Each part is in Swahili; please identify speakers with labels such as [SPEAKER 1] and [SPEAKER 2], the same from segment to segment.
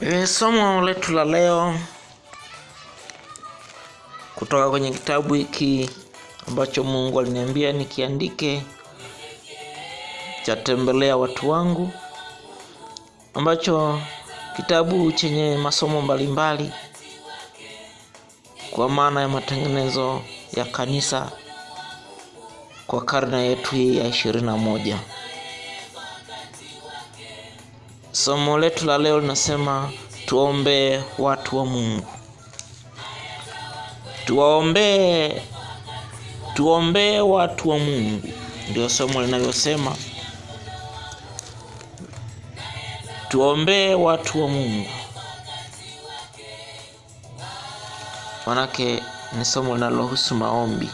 [SPEAKER 1] Ni eh, somo letu la leo kutoka kwenye kitabu hiki ambacho Mungu aliniambia nikiandike cha tembelea watu wangu, ambacho kitabu chenye masomo mbalimbali mbali, kwa maana ya matengenezo ya kanisa kwa karne yetu hii ya ishirini na moja. Somo letu la leo linasema tuombee watu wa Mungu. Tuwaombee, tuombee watu wa Mungu, ndio somo linavyosema. Tuombee watu wa Mungu, manake ni somo linalohusu maombi.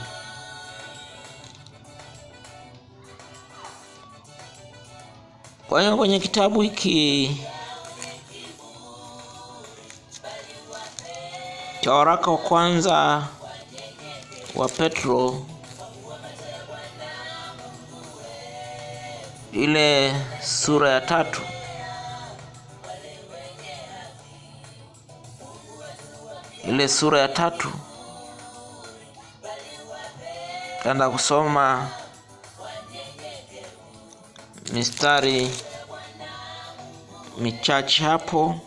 [SPEAKER 1] Kwa hiyo kwenye kitabu hiki cha waraka wa kwanza wa Petro ile sura ya tatu ile sura ya tatu tanda kusoma mistari michache hapo.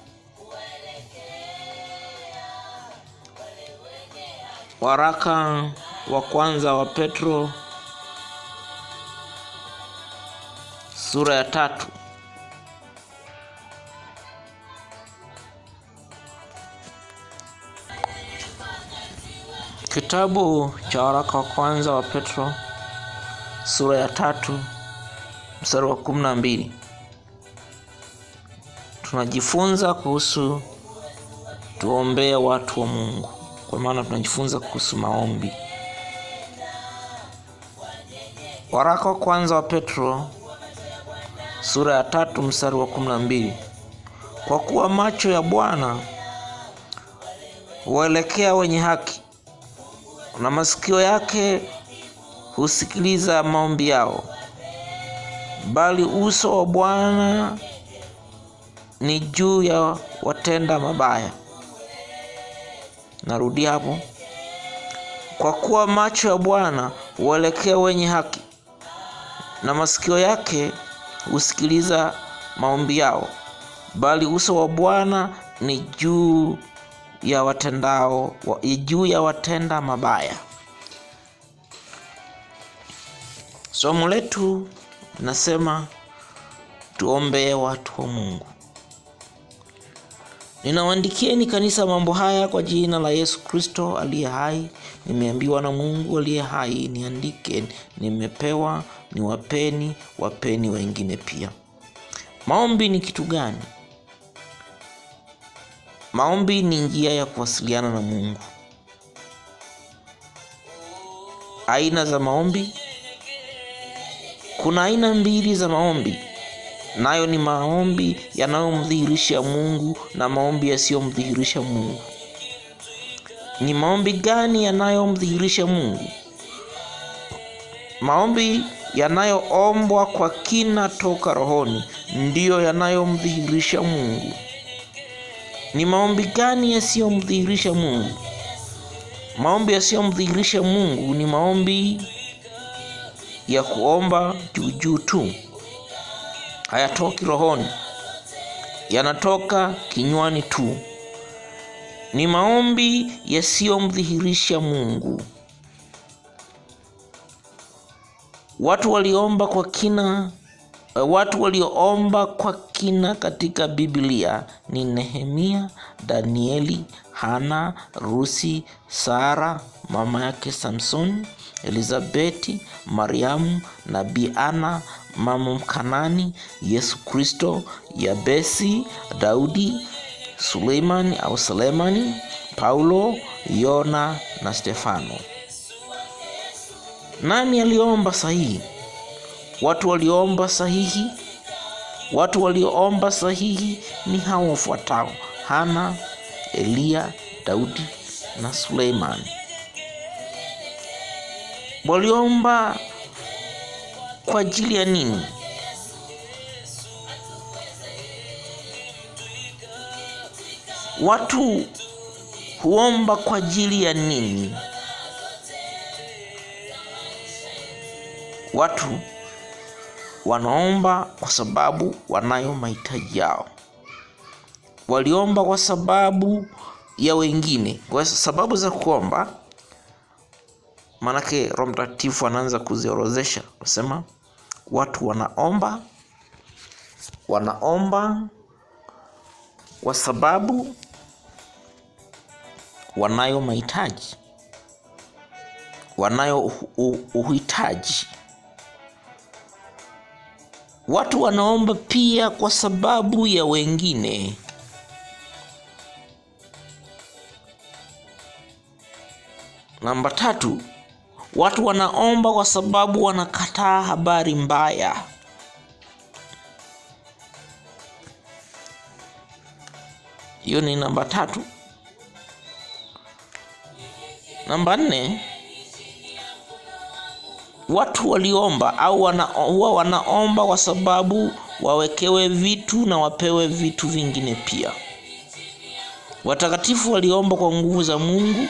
[SPEAKER 1] Waraka wa kwanza wa Petro sura ya tatu kitabu cha waraka wa kwanza wa Petro sura ya tatu mstari wa kumi na mbili tunajifunza kuhusu tuombea watu wa Mungu, kwa maana tunajifunza kuhusu maombi. Waraka wa kwanza wa Petro sura ya tatu mstari wa kumi na mbili kwa kuwa macho ya Bwana huelekea wenye haki na masikio yake husikiliza maombi yao bali uso wa Bwana ni juu ya watenda mabaya. narudi hapo, kwa kuwa macho ya Bwana huelekea wenye haki na masikio yake husikiliza maombi yao, bali uso wa Bwana ni juu ya watendao wa, juu ya watenda mabaya. Somo letu Nasema tuombee watu wa Mungu. Ninawaandikieni kanisa mambo haya kwa jina la Yesu Kristo aliye hai. Nimeambiwa na Mungu aliye hai niandike, nimepewa, ni wapeni wapeni wengine pia. Maombi ni kitu gani? Maombi ni njia ya kuwasiliana na Mungu. Aina za maombi kuna aina mbili za maombi, nayo ni maombi yanayomdhihirisha Mungu na maombi yasiyomdhihirisha Mungu. Ni maombi gani yanayomdhihirisha Mungu? Maombi yanayoombwa kwa kina toka rohoni ndiyo yanayomdhihirisha Mungu. Ni maombi gani yasiyomdhihirisha Mungu? Maombi yasiyomdhihirisha Mungu ni maombi ya kuomba juujuu tu, hayatoki rohoni, yanatoka kinywani tu. Ni maombi yasiyomdhihirisha Mungu. Watu waliomba kwa kina Eh, watu walioomba kwa kina katika Biblia ni Nehemia, Danieli, Hana, Rusi, Sara mama yake Samsoni, Elizabeti, Mariamu, Nabii Ana mama Mkanani, Yesu Kristo, Yabesi, Daudi, Suleimani au Selemani, Paulo, Yona na Stefano. Nani aliomba sahihi? Watu walioomba sahihi, watu walioomba sahihi ni hao wafuatao: Hana, Eliya, Daudi na Suleimani. Waliomba kwa ajili ya nini? Watu huomba kwa ajili ya nini? Watu Wanaomba kwa sababu wanayo mahitaji yao, waliomba kwa sababu ya wengine. Kwa sababu za kuomba, maanake Roho Mtakatifu anaanza kuziorozesha, nasema watu wanaomba, wanaomba kwa sababu wanayo mahitaji, wanayo uhitaji. Watu wanaomba pia kwa sababu ya wengine. Namba tatu, watu wanaomba kwa sababu wanakataa habari mbaya. Hiyo ni namba tatu. Namba nne, Watu waliomba au wana, huwa wanaomba kwa sababu wawekewe vitu na wapewe vitu vingine pia. Watakatifu waliomba kwa nguvu za Mungu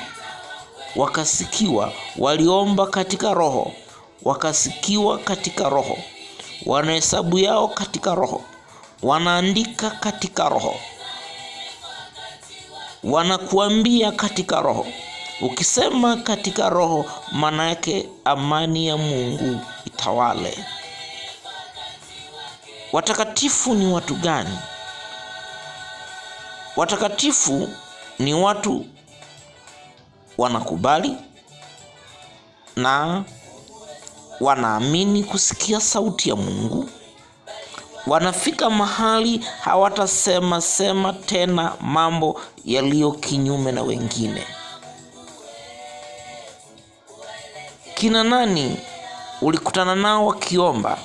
[SPEAKER 1] wakasikiwa, waliomba katika roho wakasikiwa katika roho, wanahesabu yao katika roho, wanaandika katika roho, wanakuambia katika roho. Ukisema katika roho, maana yake amani ya Mungu itawale. Watakatifu ni watu gani? Watakatifu ni watu wanakubali na wanaamini kusikia sauti ya Mungu. Wanafika mahali hawatasema sema tena mambo yaliyo kinyume na wengine. kina nani ulikutana nao wakiomba?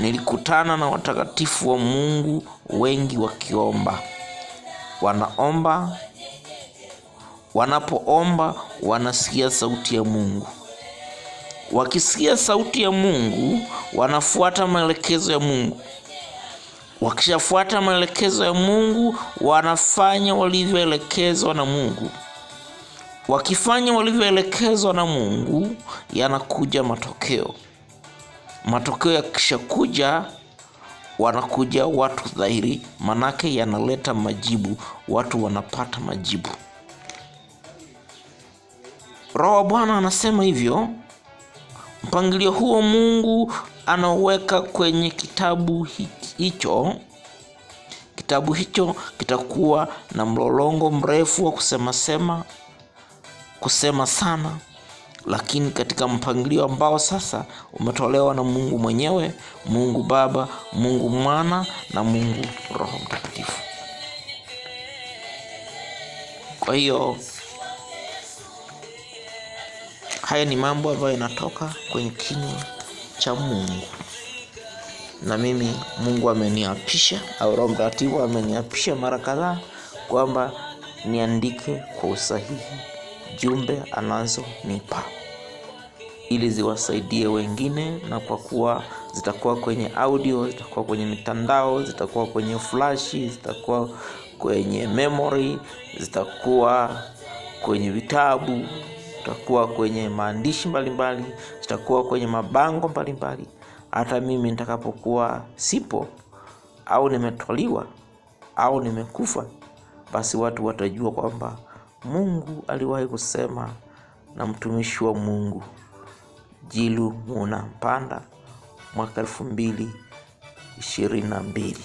[SPEAKER 1] Nilikutana na watakatifu wa Mungu wengi wakiomba. Wanaomba, wanapoomba wanasikia sauti ya Mungu. Wakisikia sauti ya Mungu, wanafuata maelekezo ya Mungu. Wakishafuata maelekezo ya Mungu, wanafanya walivyoelekezwa na Mungu wakifanya walivyoelekezwa na Mungu, yanakuja matokeo. Matokeo yakishakuja, wanakuja watu dhahiri, manake yanaleta majibu, watu wanapata majibu. Roho wa Bwana anasema hivyo. Mpangilio huo Mungu anaweka kwenye kitabu hicho. Kitabu hicho kitakuwa na mlolongo mrefu wa kusemasema kusema sana, lakini katika mpangilio ambao sasa umetolewa na Mungu mwenyewe, Mungu Baba, Mungu Mwana na Mungu Roho Mtakatifu. Kwa hiyo haya ni mambo ambayo yanatoka kwenye kinywa cha Mungu, na mimi Mungu ameniapisha au Roho Mtakatifu ameniapisha mara kadhaa kwamba niandike kwa usahihi jumbe anazonipa ili ziwasaidie wengine, na kwa kuwa zitakuwa kwenye audio, zitakuwa kwenye mitandao, zitakuwa kwenye flashi, zitakuwa kwenye memory, zitakuwa kwenye vitabu, zitakuwa kwenye maandishi mbalimbali, zitakuwa kwenye mabango mbalimbali. Hata mimi nitakapokuwa sipo au nimetoliwa au nimekufa, basi watu watajua kwamba Mungu aliwahi kusema na mtumishi wa Mungu Jilu Muna Mpanda mwaka elfu mbili ishirini na mbili.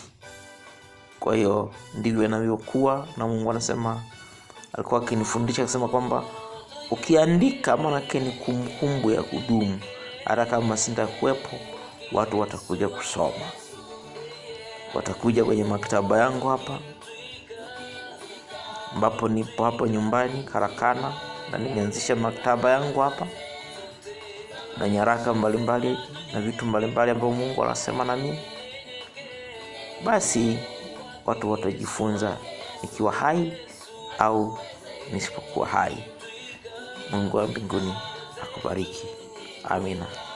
[SPEAKER 1] Kwa hiyo ndivyo inavyokuwa, na Mungu anasema, alikuwa akinifundisha akisema kwamba ukiandika, maanake ni kumbukumbu ya kudumu, hata kama sintakuwepo, watu watakuja kusoma, watakuja kwenye maktaba yangu hapa ambapo nipo hapo nyumbani karakana, na nimeanzisha maktaba yangu hapa na nyaraka mbalimbali mbali, na vitu mbalimbali ambavyo Mungu anasema na mimi, basi watu watajifunza nikiwa hai au nisipokuwa hai. Mungu wa mbinguni akubariki. Amina.